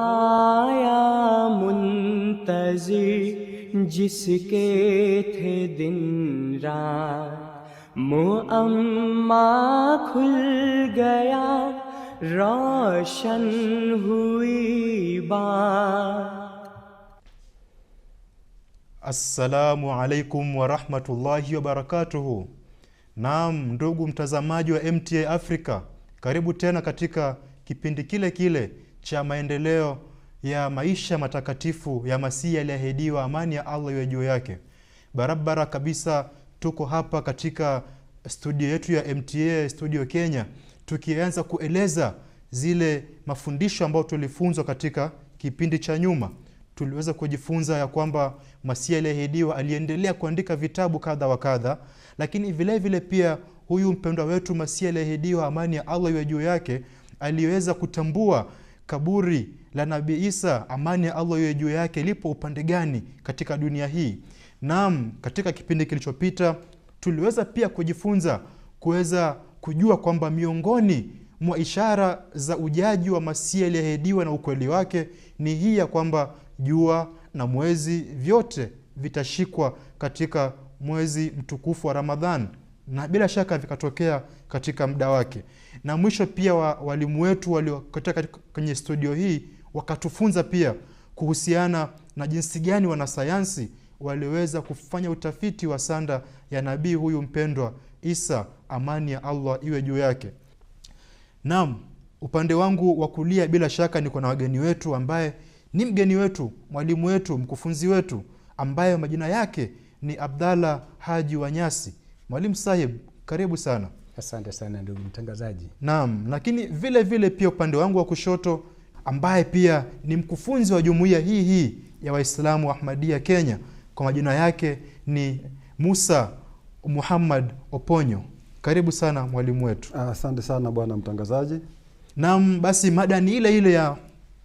आया मुंतजी जिसके थे दिन रात मुअम्मा खुल गया रोशन हुई बात assalamu alaikum warahmatullahi wabarakatuhu. Naam, ndugu mtazamaji wa MTA Africa, karibu tena katika kipindi kile kile cha maendeleo ya maisha matakatifu ya Masihi aliyeahidiwa, amani ya Allah iwe juu yake. Barabara kabisa, tuko hapa katika studio yetu ya MTA Studio Kenya, tukianza kueleza zile mafundisho ambayo tulifunzwa katika kipindi cha nyuma. Tuliweza kujifunza ya kwamba Masihi aliyeahidiwa aliendelea kuandika vitabu kadha wa kadha, lakini vilevile vile pia huyu mpendwa wetu Masihi aliyeahidiwa, amani ya Allah iwe juu yake, aliweza kutambua kaburi la nabii Isa, amani ya Allah iwe juu yake, lipo upande gani katika dunia hii? Naam, katika kipindi kilichopita tuliweza pia kujifunza kuweza kujua kwamba miongoni mwa ishara za ujaji wa masia aliyeahidiwa na ukweli wake ni hii ya kwamba jua na mwezi vyote vitashikwa katika mwezi mtukufu wa Ramadhan na bila shaka vikatokea katika muda wake. Na mwisho pia wa, walimu wetu waliokotea kwenye studio hii wakatufunza pia kuhusiana na jinsi gani wanasayansi waliweza kufanya utafiti wa sanda ya nabii huyu mpendwa Isa, amani ya Allah iwe juu yake. nam upande wangu wa kulia bila shaka niko na wageni wetu ambaye ni mgeni wetu, mwalimu wetu, mkufunzi wetu ambaye majina yake ni abdalah Haji Wanyasi. Mwalimu sahib, karibu sana. Asante sana ndugu mtangazaji. Naam, lakini vile vile pia upande wangu wa kushoto ambaye pia ni mkufunzi wa jumuiya hii hii ya Waislamu wa Ahmadiyya Kenya, kwa majina yake ni Musa Muhammad Oponyo. Karibu sana mwalimu wetu. Ah, asante sana bwana mtangazaji. Naam, basi mada ni ile ile ya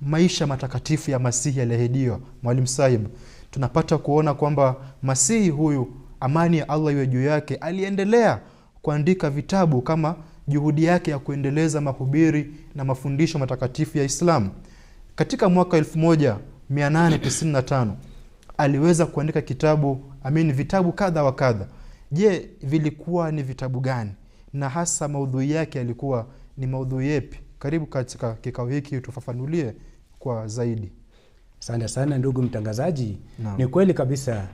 maisha matakatifu ya Masihi aliyeahidiwa. Mwalimu Sahib, tunapata kuona kwamba Masihi huyu amani ya Allah iwe juu yake aliendelea kuandika vitabu kama juhudi yake ya kuendeleza mahubiri na mafundisho matakatifu ya Islam. Katika mwaka 1895 aliweza kuandika kitabu amin vitabu kadha wa kadha. Je, vilikuwa ni vitabu gani na hasa maudhui yake yalikuwa ni maudhui yepi? Karibu katika kikao hiki tufafanulie kwa zaidi. Asante sana ndugu mtangazaji. Naam. Ni kweli kabisa,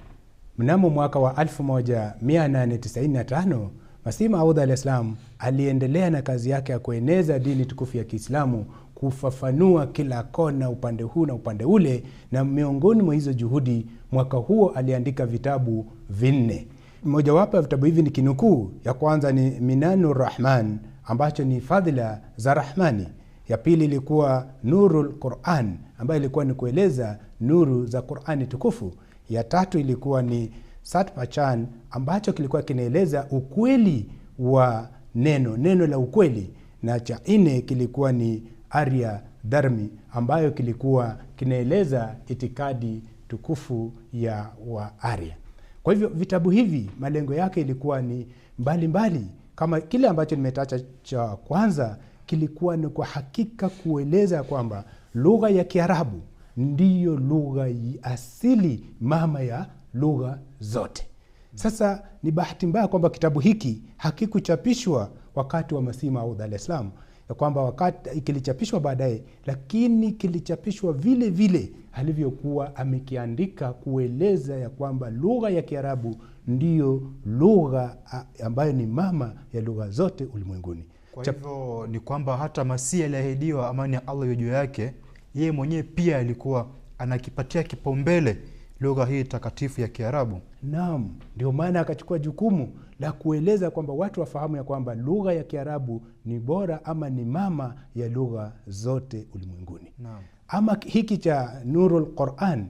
mnamo mwaka wa 1895 Masih Maud alaihis salam aliendelea na kazi yake ya kueneza dini tukufu ya Kiislamu, kufafanua kila kona, upande huu na upande ule. Na miongoni mwa hizo juhudi, mwaka huo aliandika vitabu vinne. Mojawapo ya vitabu hivi ni kinukuu. Ya kwanza ni Minanu Rahman, ambacho ni fadhila za Rahmani. Ya pili ilikuwa Nurul Quran, ambayo ilikuwa ni kueleza nuru za Qurani tukufu. Ya tatu ilikuwa ni satmachan ambacho kilikuwa kinaeleza ukweli wa neno neno la ukweli, na cha nne kilikuwa ni Arya Dharmi ambayo kilikuwa kinaeleza itikadi tukufu ya Waarya. Kwa hivyo vitabu hivi malengo yake ilikuwa ni mbalimbali mbali. Kama kile ambacho nimetacha cha kwanza kilikuwa ni kwa hakika kueleza kwamba lugha ya Kiarabu ndiyo lugha asili mama ya lugha zote. Sasa ni bahati mbaya kwamba kitabu hiki hakikuchapishwa wakati wa Masihi Maud Dar Salaam, ya kwamba wakati kilichapishwa baadaye, lakini kilichapishwa vile vile alivyokuwa amekiandika, kueleza ya kwamba lugha ya Kiarabu ndiyo lugha ambayo ni mama ya lugha zote ulimwenguni. Kwa hivyo ni kwamba hata Masihi aliahidiwa, amani ya Allah iwe juu yake, yeye mwenyewe pia alikuwa anakipatia kipaumbele lugha hii takatifu ya Kiarabu. Naam, ndio maana akachukua jukumu la kueleza kwamba watu wafahamu ya kwamba lugha ya Kiarabu ni bora ama ni mama ya lugha zote ulimwenguni. Naam. Ama hiki cha Nurul Quran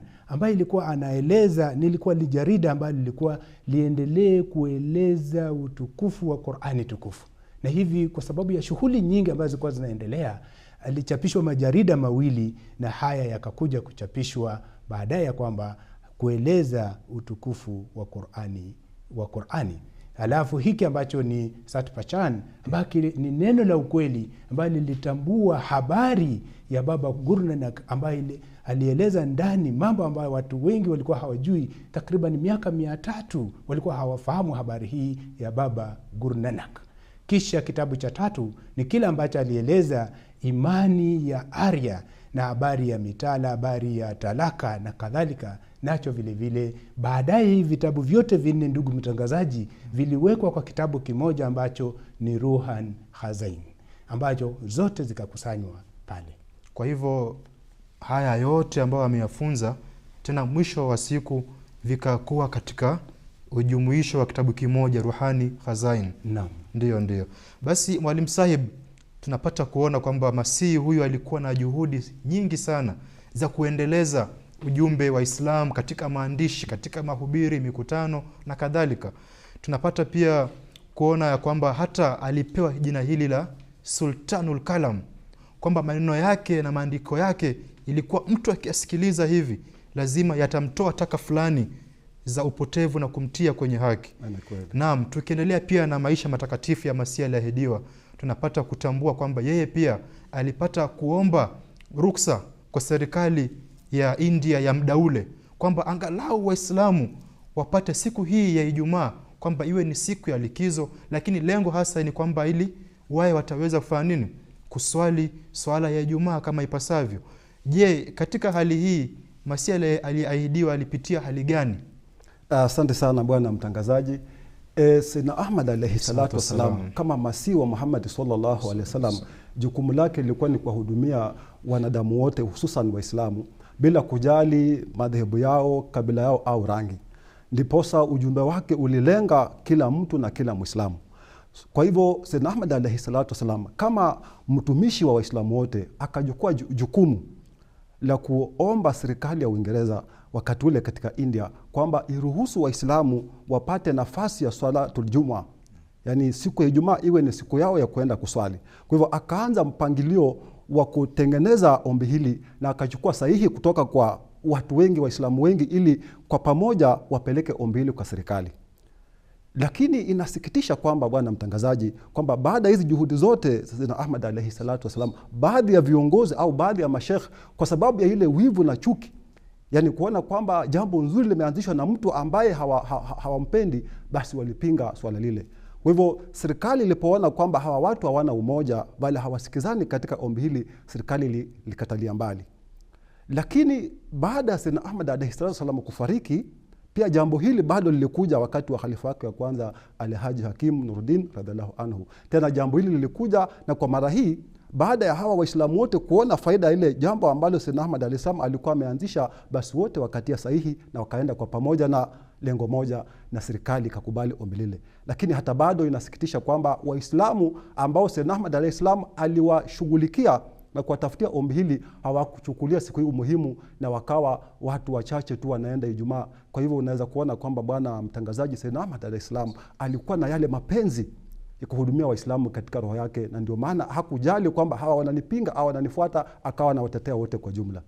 ilikuwa anaeleza, nilikuwa ni jarida lilikuwa liendelee kueleza utukufu wa Qurani tukufu, na hivi kwa sababu ya shughuli nyingi ambazo zilikuwa zinaendelea alichapishwa majarida mawili na haya yakakuja kuchapishwa baadaye ya kwamba kueleza utukufu wa Qur'ani wa Qur'ani. Alafu hiki ambacho ni Satpachan ambacho ni neno la ukweli ambayo lilitambua habari ya Baba Gurnanak ambaye alieleza ndani mambo ambayo watu wengi walikuwa hawajui. Takriban miaka mia tatu walikuwa hawafahamu habari hii ya Baba Gurnanak. Kisha kitabu cha tatu ni kile ambacho alieleza imani ya Arya na habari ya mitala, habari ya talaka na kadhalika, nacho vilevile. Baadaye hii vitabu vyote vinne, ndugu mtangazaji, viliwekwa kwa kitabu kimoja ambacho ni Ruhan Hazain, ambacho zote zikakusanywa pale. Kwa hivyo haya yote ambayo ameyafunza, tena mwisho wa siku vikakuwa katika ujumuisho wa kitabu kimoja Ruhani Hazain. Naam, ndiyo, ndio Basi Mwalimu Sahib tunapata kuona kwamba Masihi huyu alikuwa na juhudi nyingi sana za kuendeleza ujumbe wa Islam katika maandishi, katika mahubiri, mikutano na kadhalika. Tunapata pia kuona ya kwamba hata alipewa jina hili la Sultanul Kalam, kwamba maneno yake na maandiko yake ilikuwa mtu akiyasikiliza hivi lazima yatamtoa taka fulani za upotevu na kumtia kwenye haki. Naam, tukiendelea pia na maisha matakatifu ya Masihi aliyeahidiwa, tunapata kutambua kwamba yeye pia alipata kuomba ruksa kwa serikali ya India ya muda ule kwamba angalau Waislamu wapate siku hii ya Ijumaa kwamba iwe ni siku ya likizo, lakini lengo hasa ni kwamba ili wae wataweza kufanya nini? Kuswali swala ya Ijumaa kama ipasavyo. Je, katika hali hii Masihi aliyeahidiwa alipitia hali gani? Asante uh, sana bwana mtangazaji. E, Sayyidna Ahmad alayhi salatu wassalam kama masihi wa Muhammad sallallahu alaihi wasallam, jukumu lake lilikuwa ni kuwahudumia wanadamu wote, hususan Waislamu bila kujali madhehebu yao, kabila yao au rangi. Ndiposa ujumbe wake ulilenga kila mtu na kila Mwislamu. Kwa hivyo Sayyidna Ahmad alayhi salatu wassalam kama mtumishi wa Waislamu wote akajukua jukumu la kuomba serikali ya Uingereza wakati ule katika India kwamba iruhusu Waislamu wapate nafasi ya swalatul juma, yaani siku ya Ijumaa iwe ni siku yao ya kuenda kuswali. Kwa hivyo akaanza mpangilio wa kutengeneza ombi hili na akachukua sahihi kutoka kwa watu wengi, Waislamu wengi, ili kwa pamoja wapeleke ombi hili kwa serikali. Lakini inasikitisha kwamba bwana mtangazaji, kwamba baada ya hizi juhudi zote na Ahmad alaihi salatu wassalam, baadhi ya viongozi au baadhi ya mashekh kwa sababu ya ile wivu na chuki, yani kuona kwamba jambo nzuri limeanzishwa na mtu ambaye hawampendi hawa, hawa basi walipinga swala lile. Kwa hivyo serikali ilipoona kwamba hawa watu hawana umoja, bali hawasikizani katika ombi hili, serikali likatalia mbali. Lakini baada ya Sayyidna Ahmad alaihi salatu wasalam kufariki pia jambo hili bado lilikuja wakati wa khalifa wake wa kwanza Alhaji Hakim nurdin radhiallahu anhu. Tena jambo hili lilikuja na kwa mara hii baada ya hawa Waislamu wote kuona faida ile, jambo ambalo sen Ahmad alaihis alikuwa ameanzisha, basi wote wakatia sahihi na wakaenda kwa pamoja na lengo moja, na serikali ikakubali ombi lile. Lakini hata bado inasikitisha kwamba Waislamu ambao sen Ahmad alaihis aliwashughulikia na kuwatafutia ombi hili hawakuchukulia siku hii umuhimu, na wakawa watu wachache tu wanaenda Ijumaa. Kwa hivyo unaweza kuona kwamba bwana mtangazaji Sayyidna Ahmad alaihis salaam alikuwa na yale mapenzi ya kuhudumia Waislamu katika roho yake, na ndio maana hakujali kwamba hawa wananipinga au wananifuata, akawa na watetea wote kwa jumla.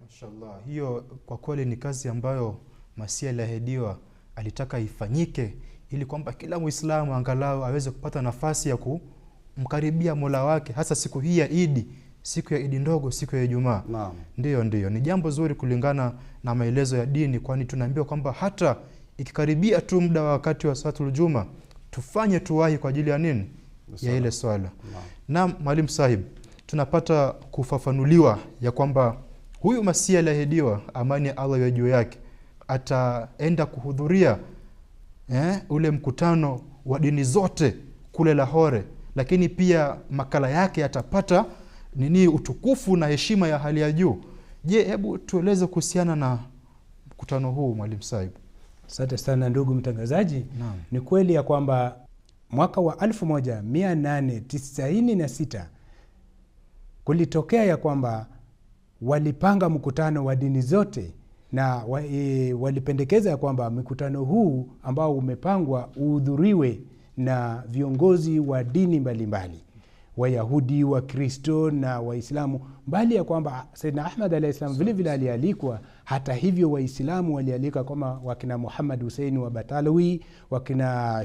Mashallah, hiyo kwa kweli ni kazi ambayo masia aliahidiwa alitaka ifanyike ili kwamba kila Muislamu angalau aweze kupata nafasi ya kumkaribia Mola wake hasa siku hii ya Idi siku ya Idi ndogo, siku ya Ijumaa. Naam. Ndiyo, ndiyo, ni jambo zuri kulingana na maelezo ya dini, kwani tunaambiwa kwamba hata ikikaribia tu muda wa wakati wa salatul tufanye tuwahi kwa ajili ya nini? Misala. ya ile swala. na, mwalimu sahib, tunapata kufafanuliwa ya kwamba huyu Masihi aliahidiwa, amani ya Allah iwe juu yake, ataenda kuhudhuria eh, ule mkutano wa dini zote kule Lahore, lakini pia makala yake yatapata nini utukufu na heshima ya hali ya juu. Je, hebu tueleze kuhusiana na mkutano huu mwalimu Saib. Asante sana ndugu mtangazaji. Naam. Ni kweli ya kwamba mwaka wa 1896 kulitokea ya kwamba walipanga mkutano wa dini zote na wa, e, walipendekeza ya kwamba mkutano huu ambao umepangwa uhudhuriwe na viongozi wa dini mbalimbali mbali. Wayahudi, Wakristo na Waislamu, mbali ya kwamba Saidna Ahmad alah slam vilevile alialikwa. Hata hivyo, Waislamu walialika kama wakina muhamad huseini wa Batalawi, wakina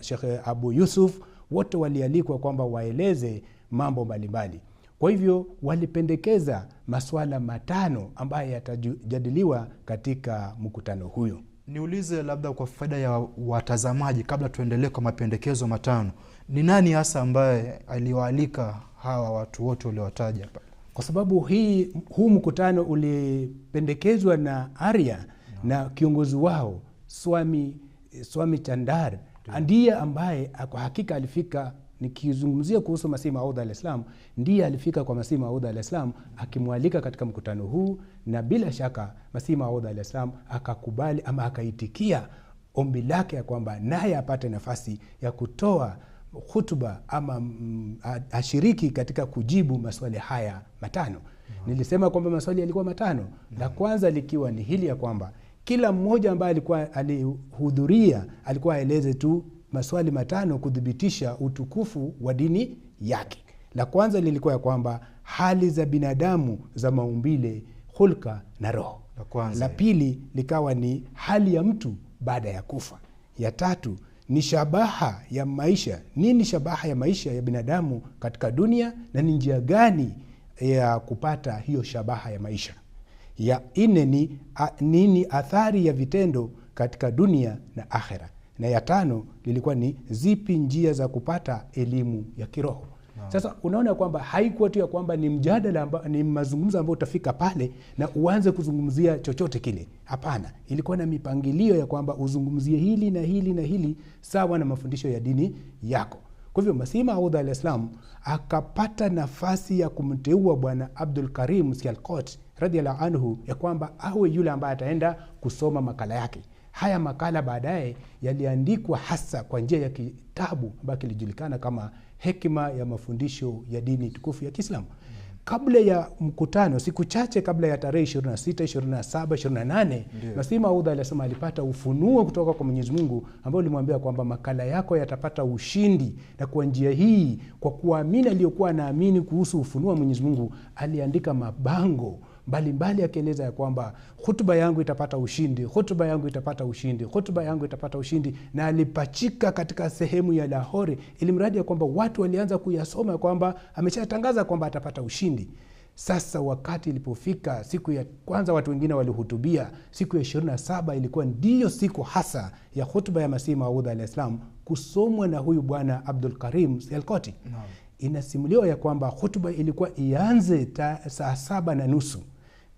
shekhe Abu Yusuf, wote walialikwa kwamba waeleze mambo mbalimbali. Kwa hivyo walipendekeza masuala matano ambayo yatajadiliwa katika mkutano huyo. Niulize labda kwa faida ya watazamaji, kabla tuendelee kwa mapendekezo matano ni nani hasa ambaye aliwaalika hawa watu wote uliowataja pale? Kwa sababu hii, huu mkutano ulipendekezwa na Arya no. na kiongozi wao Swami, Swami Chandar ndiye ambaye kwa hakika alifika nikizungumzia kuhusu Masihi Maud alaihis ndiye alifika kwa Masihi Maud alaihis akimwalika katika mkutano huu, na bila shaka Masihi Maud alaihis akakubali ama akaitikia ombi lake ya kwamba naye apate nafasi ya kutoa hutuba ama mm, ashiriki katika kujibu maswali haya matano. Uhum. Mm-hmm. Nilisema kwamba maswali yalikuwa matano. La mm-hmm. kwanza likiwa ni hili ya kwamba kila mmoja ambaye alikuwa alihudhuria alikuwa aeleze tu maswali matano kudhibitisha utukufu wa dini yake. La kwanza lilikuwa ya kwamba hali za binadamu za maumbile, hulka na roho. La, la pili likawa ni hali ya mtu baada ya kufa. Ya tatu ni shabaha ya maisha. Nini shabaha ya maisha ya binadamu katika dunia na ni njia gani ya kupata hiyo shabaha ya maisha? Ya ine ni a, nini athari ya vitendo katika dunia na akhera, na ya tano lilikuwa ni zipi njia za kupata elimu ya kiroho. Sasa unaona kwamba haikuwa tu ya kwamba ni mjadala amba, ni mazungumzo ambayo utafika pale na uanze kuzungumzia chochote kile. Hapana, ilikuwa na mipangilio ya kwamba uzungumzie hili na hili na hili sawa na mafundisho ya dini yako. Kwa hivyo Masihi Maud alaihis akapata nafasi ya kumteua Bwana Abdul Karim Sialkot radhiallahu anhu ya kwamba awe yule ambaye ataenda kusoma makala yake. Haya makala baadaye yaliandikwa hasa kwa njia ya kitabu ambayo kilijulikana kama hekima ya mafundisho ya dini tukufu ya Kiislamu. Kabla ya mkutano, siku chache kabla ya tarehe 26, 27, 28, Masih Maud alisema alipata ufunuo kutoka kwa Mwenyezi Mungu ambao ulimwambia kwamba makala yako yatapata ushindi, na kwa njia hii, kwa kuamini aliyokuwa anaamini kuhusu ufunuo wa Mwenyezi Mungu, aliandika mabango mbalimbali akieleza ya kwamba hutuba yangu itapata ushindi, hutuba yangu itapata ushindi, hutuba yangu itapata ushindi, na alipachika katika sehemu ya lahori ili mradi ya kwamba watu walianza kuyasoma ya kwamba ameshatangaza kwamba atapata ushindi. Sasa wakati ilipofika siku ya kwanza, watu wengine walihutubia. Siku ya 27 ilikuwa ndiyo siku hasa ya hutuba ya Masihi Maud alaihis salam kusomwa na huyu bwana Abdul Karim Selkoti. Inasimuliwa ya kwamba hutuba ilikuwa ianze saa saba na nusu mm.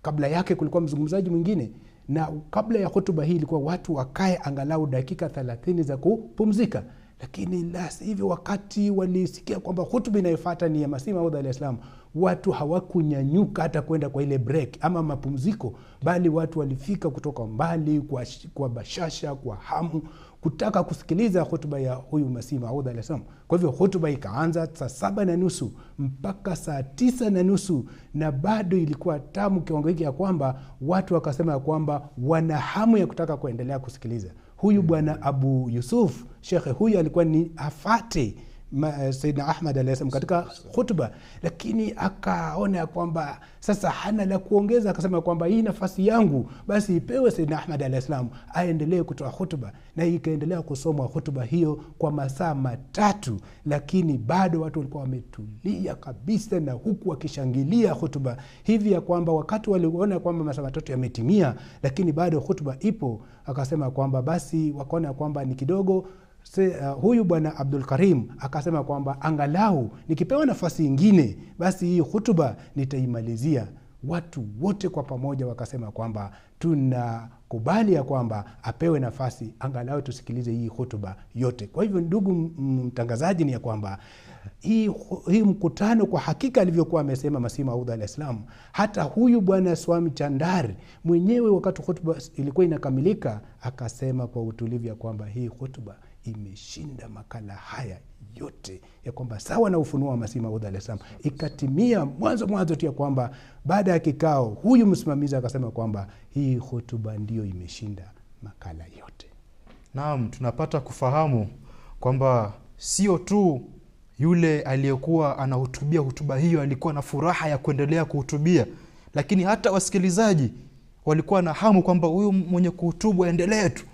Kabla yake kulikuwa mzungumzaji mwingine, na kabla ya hotuba hii ilikuwa watu wakae angalau dakika thelathini za kupumzika, lakini las hivyo wakati walisikia kwamba hutuba inayofata ni ya Masihi Maud alah salam, watu hawakunyanyuka hata kwenda kwa ile break ama mapumziko, bali watu walifika kutoka mbali kwa, kwa bashasha, kwa hamu kutaka kusikiliza hutuba ya huyu Masihi Maud alaihis salam. Kwa hivyo hutuba ikaanza saa saba na nusu mpaka saa tisa na nusu na bado ilikuwa tamu kiwango hiki ya kwamba watu wakasema ya kwamba wana hamu ya kutaka kuendelea kusikiliza huyu hmm. bwana Abu Yusuf shekhe huyu alikuwa ni afate Eh, Saidna Ahmad alayhi salam katika khutba, lakini akaona ya kwamba sasa hana la kuongeza, akasema kwamba hii nafasi yangu basi ipewe Saidna Ahmad alayhi salam aendelee kutoa khutba, na ikaendelea kusomwa khutba hiyo kwa masaa matatu, lakini bado watu walikuwa wametulia kabisa na huku wakishangilia khutba hivi ya kwamba wakati waliona kwamba masaa matatu yametimia, lakini bado khutba ipo, akasema kwamba basi wakaona kwamba ni kidogo Se, uh, huyu bwana Abdul Karim akasema kwamba angalau nikipewa nafasi nyingine, basi hii hutuba nitaimalizia. Watu wote kwa pamoja wakasema kwamba tunakubali ya kwamba apewe nafasi angalau tusikilize hii hutuba yote. Kwa hivyo, ndugu mtangazaji, ni ya kwamba hii, hii mkutano kwa hakika alivyokuwa amesema Masih Maud alaihis hata huyu bwana Swami Chandari mwenyewe wakati hutuba ilikuwa inakamilika akasema kwa utulivu ya kwamba hii hutuba imeshinda makala haya yote ya kwamba sawa na ufunuo wa Masihi Maud alah salam ikatimia mwanzo mwanzo tu ya kwamba baada ya kikao huyu msimamizi akasema kwamba hii hutuba ndiyo imeshinda makala yote. Naam, tunapata kufahamu kwamba sio tu yule aliyekuwa anahutubia hutuba hiyo alikuwa na furaha ya kuendelea kuhutubia, lakini hata wasikilizaji walikuwa na hamu kwamba huyu mwenye kuhutubu aendelee tu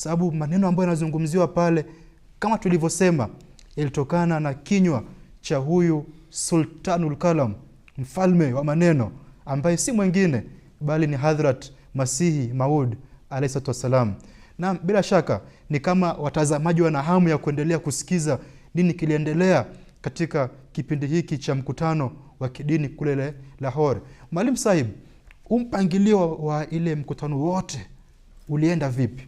sababu maneno ambayo yanazungumziwa pale kama tulivyosema yalitokana na kinywa cha huyu Sultanul Kalam, mfalme wa maneno, ambaye si mwingine bali ni Hadhrat Masihi Maud alayhi wassalam. Na bila shaka ni kama watazamaji wana hamu ya kuendelea kusikiza nini kiliendelea katika kipindi hiki cha mkutano wa kidini kule Lahore. Mwalimu Sahib, umpangilio wa ile mkutano wote ulienda vipi?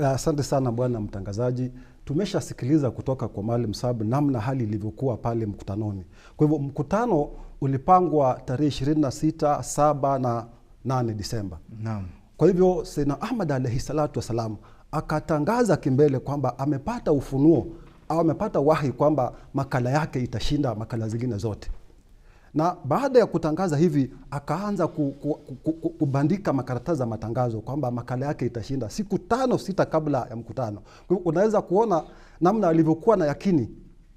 Eh, asante sana bwana mtangazaji. Tumeshasikiliza kutoka kwa Maalim Saab namna hali ilivyokuwa pale mkutanoni. Kwa hivyo mkutano ulipangwa tarehe sita, saba na 8 Disemba. Naam. Kwa hivyo seina Ahmad alaihi salatu wassalam akatangaza kimbele kwamba amepata ufunuo au amepata wahi kwamba makala yake itashinda makala zingine zote na baada ya kutangaza hivi akaanza ku, ku, ku, ku, kubandika makaratasi za matangazo kwamba makala yake itashinda siku tano sita kabla ya mkutano. unaweza kuona namna alivyokuwa na yakini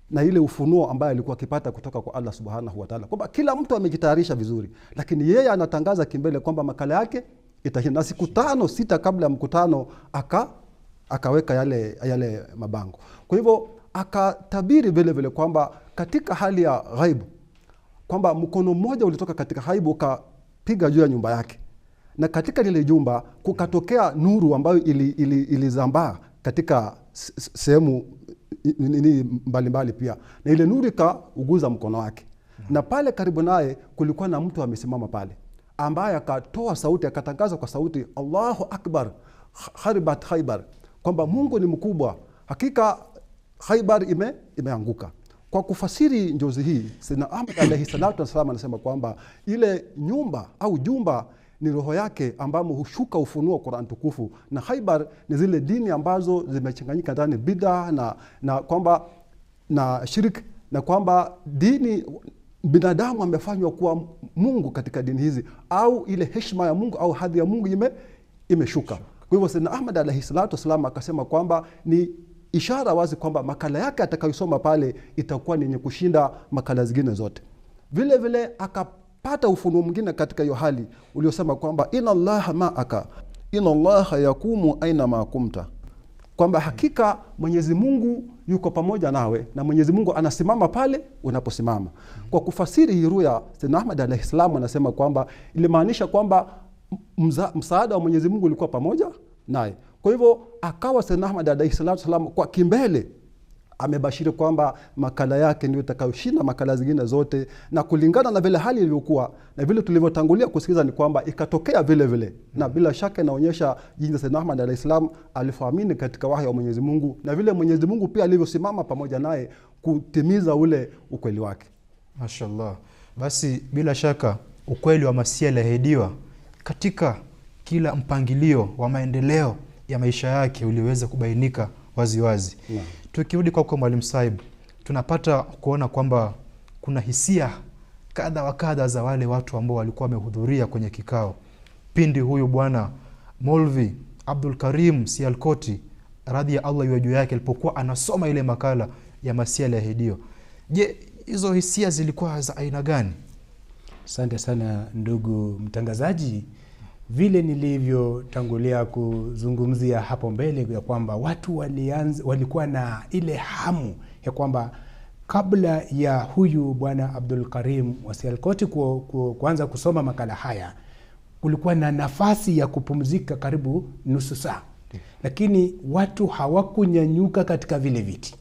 na ile ufunuo ambayo alikuwa akipata kutoka kwa Allah Subhanahu wa Ta'ala, kwamba kila mtu amejitayarisha vizuri, lakini yeye anatangaza kimbele kwamba makala yake itashinda, na siku tano sita kabla ya mkutano aka akaweka yale, yale mabango. Kwa hivyo akatabiri vilevile kwamba katika hali ya ghaibu kwamba mkono mmoja ulitoka katika haibu ukapiga juu ya nyumba yake, na katika lile jumba kukatokea nuru ambayo ilizambaa ili, ili katika sehemu nini mbalimbali pia, na ile nuru ikauguza mkono wake, na pale karibu naye kulikuwa na mtu amesimama pale ambaye akatoa sauti akatangaza kwa sauti, Allahu akbar haribat haibar kwamba Mungu ni mkubwa, hakika haibar ime, imeanguka. Kwa kufasiri njozi hii, sina Ahmad alaihi salatu wassalam anasema kwamba ile nyumba au jumba ni roho yake ambamo hushuka ufunuo Qur'an tukufu, na haibar ni zile dini ambazo zimechanganyika ndani bid'a na, na kwamba na shirik na kwamba dini binadamu amefanywa kuwa Mungu katika dini hizi, au ile heshima ya Mungu au hadhi ya Mungu ime, imeshuka. Kwa hivyo Sayyidina Ahmad alaihi salatu wassalam akasema kwamba ni ishara wazi kwamba makala yake atakayosoma pale itakuwa ni yenye kushinda makala zingine zote. Vile vile akapata ufunuo mwingine katika hiyo hali uliosema kwamba ina llaha maaka ina llaha yakumu aina makumta kwamba hakika Mwenyezi Mungu yuko pamoja nawe na Mwenyezi Mungu anasimama pale unaposimama. Kwa kufasiri hii ruya, Ahmad anasema kwamba ilimaanisha kwamba msaada wa Mwenyezi Mungu ulikuwa pamoja naye. Kwa hivyo akawa Sayyidina Ahmad alayhi salatu kwa kimbele amebashiri kwamba makala yake ndio itakayoshinda makala zingine zote, na kulingana na vile hali ilivyokuwa na vile tulivyotangulia kusikiza ni kwamba ikatokea vile vile, na bila shaka inaonyesha jinsi Sayyidina Ahmad alayhi salam alivyoamini katika wahi wa Mwenyezi Mungu na vile Mwenyezi Mungu pia alivyosimama pamoja naye kutimiza ule ukweli wake. Mashallah. Basi bila shaka ukweli wa Masihi aliahidiwa katika kila mpangilio wa maendeleo ya maisha yake uliweza kubainika waziwazi wazi. Yeah. Tukirudi kwako Mwalimu Saib, tunapata kuona kwamba kuna hisia kadha wa kadha za wale watu ambao walikuwa wamehudhuria kwenye kikao pindi huyu bwana Molvi Abdul Karim Sialkoti radhi ya Allah iwe juu yake alipokuwa anasoma ile makala ya Masia Lahidio. Je, hizo hisia zilikuwa za aina gani? Asante sana ndugu mtangazaji vile nilivyotangulia kuzungumzia hapo mbele ya kwamba watu walianza, walikuwa na ile hamu ya kwamba kabla ya huyu Bwana Abdul Karim Wasialkoti ku, ku, kuanza kusoma makala haya kulikuwa na nafasi ya kupumzika karibu nusu saa, lakini watu hawakunyanyuka katika vile viti,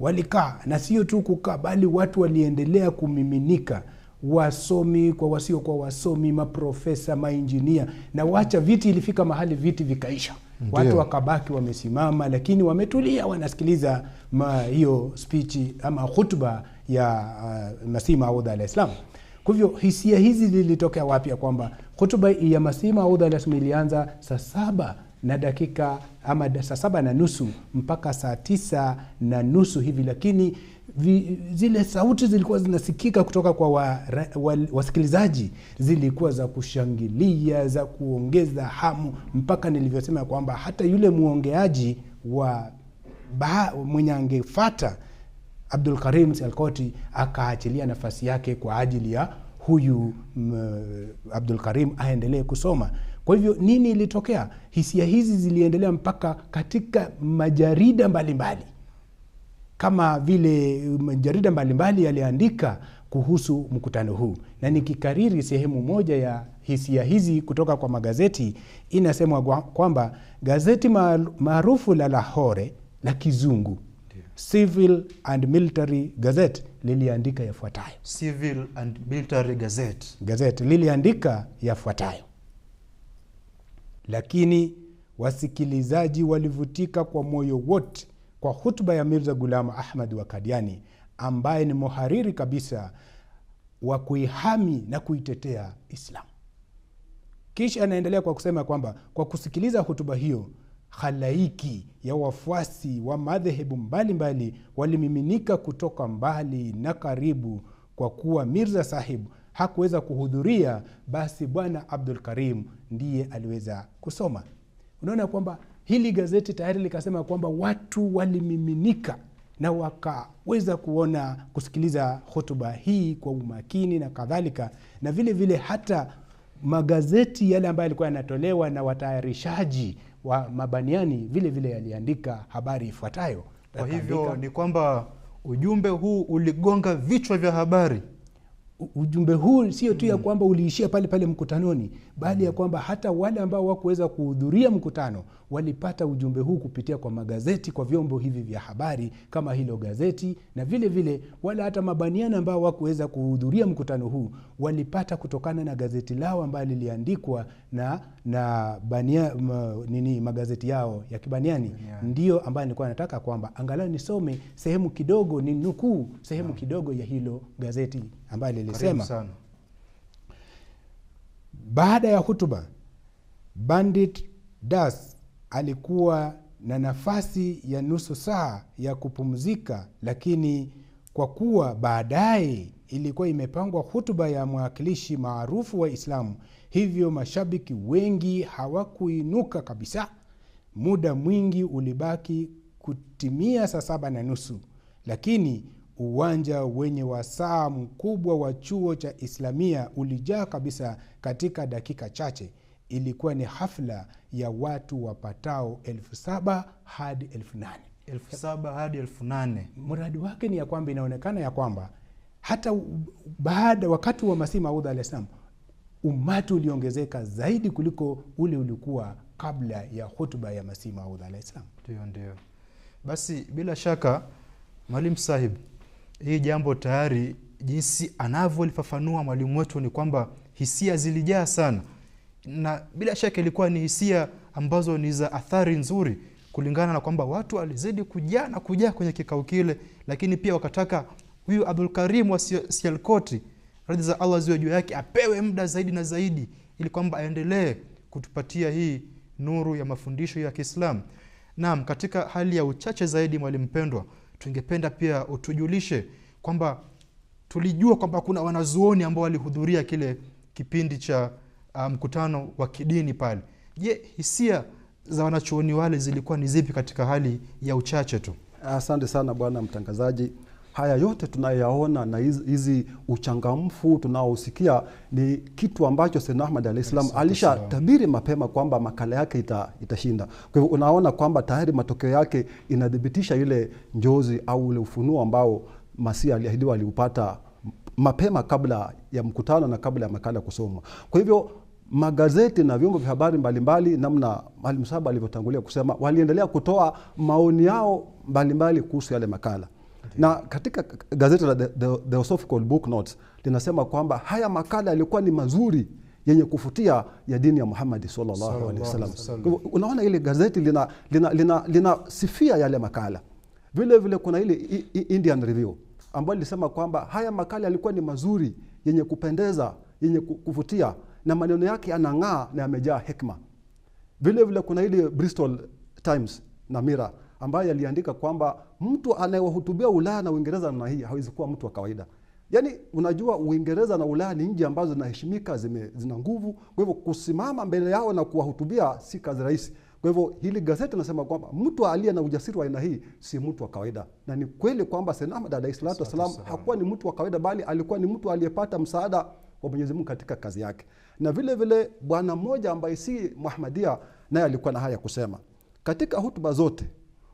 walikaa na sio tu kukaa, bali watu waliendelea kumiminika wasomi kwa wasio kwa wasomi, maprofesa, mainjinia na wacha, viti ilifika mahali viti vikaisha. Ndiyo. Watu wakabaki wamesimama, lakini wametulia, wanasikiliza hiyo spichi ama hutuba ya uh, Masihi Maud alaihis Kwa hivyo hisia hizi zilitokea wapi? kwamba hutuba ya Masihi Maud alaihis ilianza saa saba na dakika ama saa saba na nusu mpaka saa tisa na nusu hivi, lakini vi, zile sauti zilikuwa zinasikika kutoka kwa wa, wa, wasikilizaji zilikuwa za kushangilia, za kuongeza hamu, mpaka nilivyosema kwamba hata yule mwongeaji wa ba, mwenye angefata Abdul Karim salkoti akaachilia nafasi yake kwa ajili ya huyu m, Abdul Karim aendelee kusoma. Kwa hivyo nini ilitokea? Hisia hizi ziliendelea mpaka katika majarida mbalimbali mbali. Kama vile majarida um, mbalimbali yaliandika kuhusu mkutano huu, na nikikariri sehemu moja ya hisia hizi kutoka kwa magazeti, inasemwa kwamba gazeti maarufu la Lahore la kizungu Civil and Military Gazette liliandika yafuatayo. Civil and Military Gazette, liliandika yafuatayo lakini wasikilizaji walivutika kwa moyo wote kwa hutuba ya Mirza Ghulam Ahmad wa Kadiani ambaye ni muhariri kabisa wa kuihami na kuitetea Islam. Kisha anaendelea kwa kusema kwamba kwa kusikiliza hutuba hiyo halaiki ya wafuasi wa madhehebu mbalimbali walimiminika kutoka mbali na karibu, kwa kuwa Mirza Sahibu hakuweza kuhudhuria, basi bwana Abdul Karim ndiye aliweza kusoma. Unaona kwamba hili gazeti tayari likasema kwamba watu walimiminika na wakaweza kuona kusikiliza hotuba hii kwa umakini na kadhalika, na vile vile hata magazeti yale ambayo yalikuwa yanatolewa na watayarishaji wa mabaniani vile vile yaliandika habari ifuatayo. Kwa hivyo ni kwamba ujumbe huu uligonga vichwa vya habari ujumbe huu sio tu ya mm. kwamba uliishia pale pale mkutanoni, bali ya kwamba hata wale ambao wakuweza kuhudhuria mkutano walipata ujumbe huu kupitia kwa magazeti, kwa vyombo hivi vya habari kama hilo gazeti, na vile vile wala hata mabaniani ambao wakuweza kuhudhuria mkutano huu walipata kutokana na gazeti lao ambayo liliandikwa na, na bania, m, nini magazeti yao ya kibaniani yeah. Ndio ambayo nilikuwa nataka kwamba angalau nisome sehemu kidogo, ni nukuu sehemu yeah. kidogo ya hilo gazeti ambayo lilisema baada ya hutuba Bandit Das alikuwa na nafasi ya nusu saa ya kupumzika, lakini kwa kuwa baadaye ilikuwa imepangwa hutuba ya mwakilishi maarufu wa Islamu, hivyo mashabiki wengi hawakuinuka kabisa. Muda mwingi ulibaki kutimia saa saba na nusu, lakini uwanja wenye wasaa mkubwa wa chuo cha Islamia ulijaa kabisa katika dakika chache ilikuwa ni hafla ya watu wapatao elfu saba hadi elfu nane elfu saba hadi elfu nane Mradi wake ni ya kwamba inaonekana ya kwamba hata baada wakati wa Masihi maudha alah salam umati uliongezeka zaidi kuliko ule ulikuwa kabla ya hutuba ya Masihi maudha alah salam Ndio, ndio. Basi bila shaka mwalimu sahib, hii jambo tayari jinsi anavyolifafanua mwalimu wetu ni kwamba hisia zilijaa sana na bila shaka ilikuwa ni hisia ambazo ni za athari nzuri, kulingana na kwamba watu walizidi kujaa na kujaa kwenye kikao kile, lakini pia wakataka huyu Abdul Karim wa Sialkoti, radhi za Allah ziwe juu yake, apewe muda zaidi na zaidi, ili kwamba aendelee kutupatia hii nuru ya mafundisho ya Kiislamu. Naam, katika hali ya uchache zaidi, mwalimu pendwa, tungependa pia utujulishe kwamba tulijua kwamba kuna wanazuoni ambao walihudhuria kile kipindi cha Ah, mkutano um, wa kidini pale. Je, hisia za wanachuoni wale zilikuwa ni zipi katika hali ya uchache tu? Asante sana bwana mtangazaji. Haya yote tunayaona na hizi uchangamfu tunaohusikia ni kitu ambacho Sayyidna Ahmad alaihis yes, alishatabiri mapema kwamba makala yake ita, itashinda. Kwa hivyo unaona kwamba tayari matokeo yake inathibitisha ile njozi au ule ufunuo ambao masia aliahidiwa aliupata mapema kabla ya mkutano na kabla ya makala kusomwa. Kwa hivyo magazeti na vyombo vya habari mbalimbali, namna Mwalimu Saba alivyotangulia kusema, waliendelea kutoa maoni yao mbalimbali kuhusu yale makala okay. Na katika gazeti la Theosophical Book Notes linasema kwamba haya makala yalikuwa ni mazuri yenye kufutia ya dini ya Muhammad sallallahu alaihi wasallam. Unaona ile gazeti linasifia lina, lina, lina yale makala. Vile vile kuna ile Indian Review ambayo ilisema kwamba haya makali yalikuwa ni mazuri, yenye kupendeza, yenye kuvutia na maneno yake yanang'aa na yamejaa hekma Vile vile kuna ile Bristol Times na Mira ambayo yaliandika kwamba mtu anayewahutubia Ulaya na Uingereza namna hii hawezi kuwa mtu wa kawaida. Yaani unajua Uingereza na Ulaya ni nji ambazo zinaheshimika, zina nguvu. Kwa hivyo kusimama mbele yao na kuwahutubia si kazi rahisi. Kwa hivyo hili gazeti nasema kwamba mtu aliye na ujasiri wa aina hii si mtu wa kawaida, na ni kweli kwamba Senamda alayhi salatu wassalam hakuwa ni mtu wa kawaida, bali alikuwa ni mtu aliyepata msaada wa Mwenyezi Mungu katika kazi yake. Na vile vile bwana mmoja ambaye si Muhammadia naye alikuwa na haya kusema katika hutuba zote.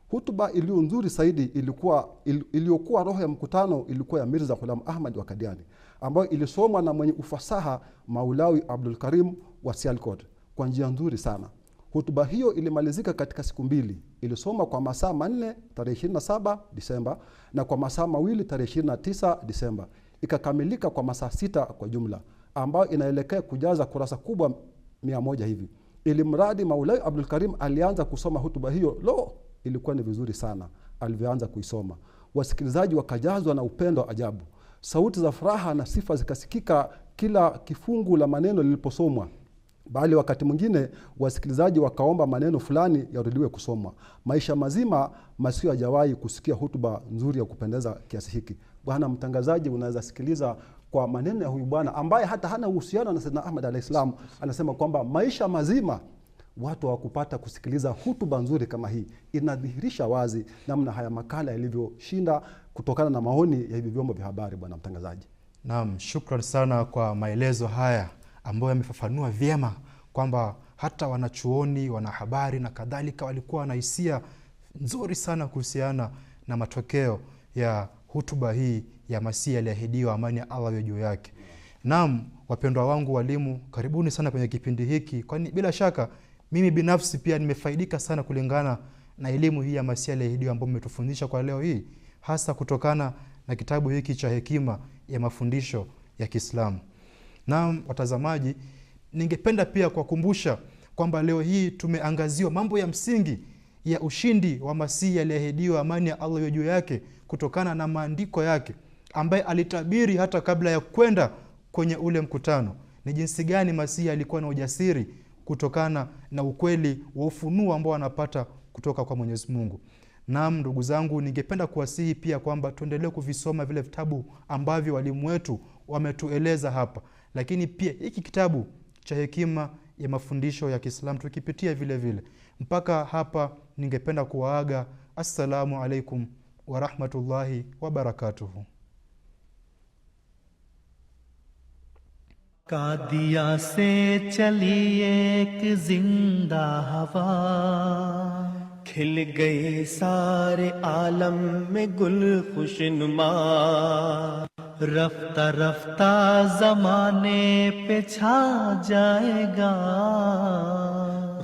Hutuba iliyo nzuri zaidi ilikuwa iliyokuwa roho ya mkutano ilikuwa ya Mirza Ghulam Ahmad wa Kadiani ambayo ilisomwa na mwenye ufasaha Maulawi Abdul Karim wa Sialkot kwa njia nzuri sana. Hotuba hiyo ilimalizika katika siku mbili, ilisoma kwa masaa manne tarehe 27 Disemba na kwa masaa mawili tarehe 29 Disemba, ikakamilika kwa masaa sita kwa jumla, ambayo inaelekea kujaza kurasa kubwa mia moja hivi. Ili mradi Maulai Abdul Karim alianza kusoma hotuba hiyo, lo, ilikuwa ni vizuri sana alivyoanza kuisoma. Wasikilizaji wakajazwa na upendo wa ajabu, sauti za furaha na sifa zikasikika kila kifungu la maneno liliposomwa bali wakati mwingine wasikilizaji wakaomba maneno fulani yarudiwe kusomwa. Maisha mazima masio hajawahi kusikia hutuba nzuri ya kupendeza kiasi hiki. Bwana mtangazaji, unaweza sikiliza kwa maneno ya huyu bwana ambaye hata hana uhusiano na Saidina Ahmad alaihis Anasema kwamba maisha mazima watu hawakupata kusikiliza hutuba nzuri kama hii. Inadhihirisha wazi namna haya makala yalivyoshinda kutokana na maoni ya hivi vyombo vya habari. Bwana mtangazaji, naam, shukran sana kwa maelezo haya ambayo yamefafanua vyema kwamba hata wanachuoni, wanahabari na kadhalika walikuwa na hisia nzuri sana kuhusiana na matokeo ya hutuba hii ya Masihi aliahidiwa, amani ya Allah iwe juu yake. nam wapendwa wangu walimu, karibuni sana kwenye kipindi hiki, kwani bila shaka mimi binafsi pia nimefaidika sana kulingana na elimu hii ya Masihi aliahidiwa ambayo mmetufundisha kwa leo hii, hasa kutokana na kitabu hiki cha Hekima ya Mafundisho ya Kiislamu. Naam watazamaji, ningependa pia kuwakumbusha kwamba leo hii tumeangaziwa mambo ya msingi ya ushindi wa Masihi aliyeahidiwa, amani ya Allah iwe juu yake, kutokana na maandiko yake ambaye alitabiri hata kabla ya kwenda kwenye ule mkutano, ni jinsi gani Masihi alikuwa na ujasiri kutokana na ukweli wa ufunuo ambao anapata kutoka kwa Mwenyezi Mungu. Naam, ndugu zangu, ningependa kuwasihi pia kwamba tuendelee kuvisoma vile vitabu ambavyo walimu wetu wametueleza hapa. Lakini pia hiki kitabu cha hekima ya mafundisho ya Kiislamu tukipitia vile vile. Mpaka hapa ningependa kuwaaga. Assalamu alaikum warahmatullahi wabarakatuhu. Qadian से चली एक जिंदा हवा खिल गए सारे आलम में गुल खुशनुमा رفتہ رفتہ زمانے پہ چھا جائے گا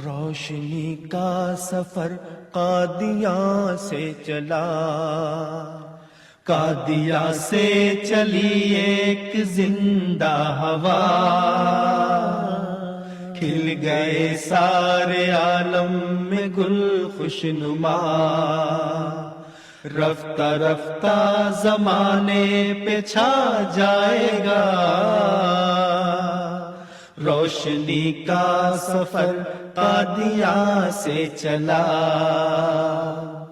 روشنی کا سفر قادیاں سے چلا کا سے چلی ایک زندہ ہوا کھل گئے سارے عالم میں گل خوش نما رفتہ رفتہ زمانے پہ چھا جائے گا روشنی کا سفر قادیاں سے چلا